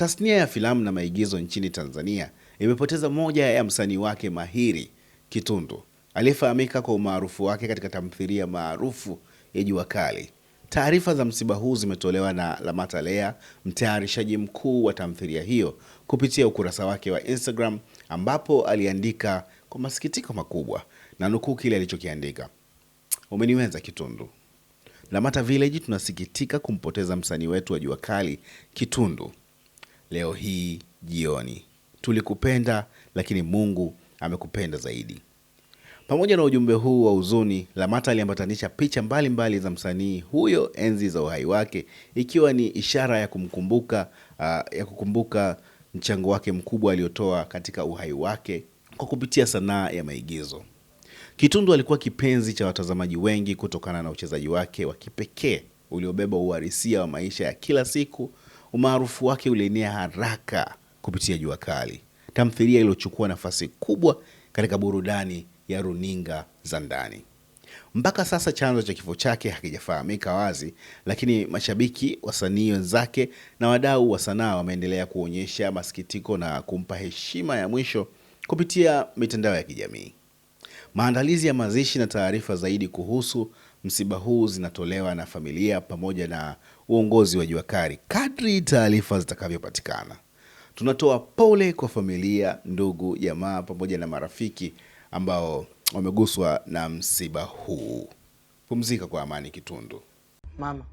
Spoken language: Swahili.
Tasnia ya filamu na maigizo nchini Tanzania imepoteza moja ya msanii wake mahiri Kitundu aliyefahamika kwa umaarufu wake katika tamthilia maarufu ya Jua Kali. Taarifa za msiba huu zimetolewa na Lamata Lea, mtayarishaji mkuu wa tamthilia hiyo, kupitia ukurasa wake wa Instagram, ambapo aliandika kwa masikitiko makubwa, na nukuu kile alichokiandika: umeniweza Kitundu. Lamata Village, tunasikitika kumpoteza msanii wetu wa Jua Kali Kitundu leo hii jioni. Tulikupenda lakini Mungu amekupenda zaidi. Pamoja na ujumbe huu wa huzuni, Lamata aliambatanisha picha mbalimbali mbali za msanii huyo enzi za uhai wake, ikiwa ni ishara ya kumkumbuka, uh, ya kukumbuka mchango wake mkubwa aliotoa katika uhai wake kwa kupitia sanaa ya maigizo. Kitundu alikuwa kipenzi cha watazamaji wengi kutokana na uchezaji wake wa kipekee uliobeba uhalisia wa maisha ya kila siku umaarufu wake ulienea haraka kupitia Jua Kali, tamthilia iliyochukua nafasi kubwa katika burudani ya runinga za ndani. Mpaka sasa chanzo cha kifo chake hakijafahamika wazi, lakini mashabiki, wasanii wenzake na wadau wa sanaa wameendelea kuonyesha masikitiko na kumpa heshima ya mwisho kupitia mitandao ya kijamii. Maandalizi ya mazishi na taarifa zaidi kuhusu msiba huu zinatolewa na familia pamoja na uongozi wa Jua Kali kadri taarifa zitakavyopatikana. Tunatoa pole kwa familia, ndugu, jamaa pamoja na marafiki ambao wameguswa na msiba huu. Pumzika kwa amani, Kitundu mama.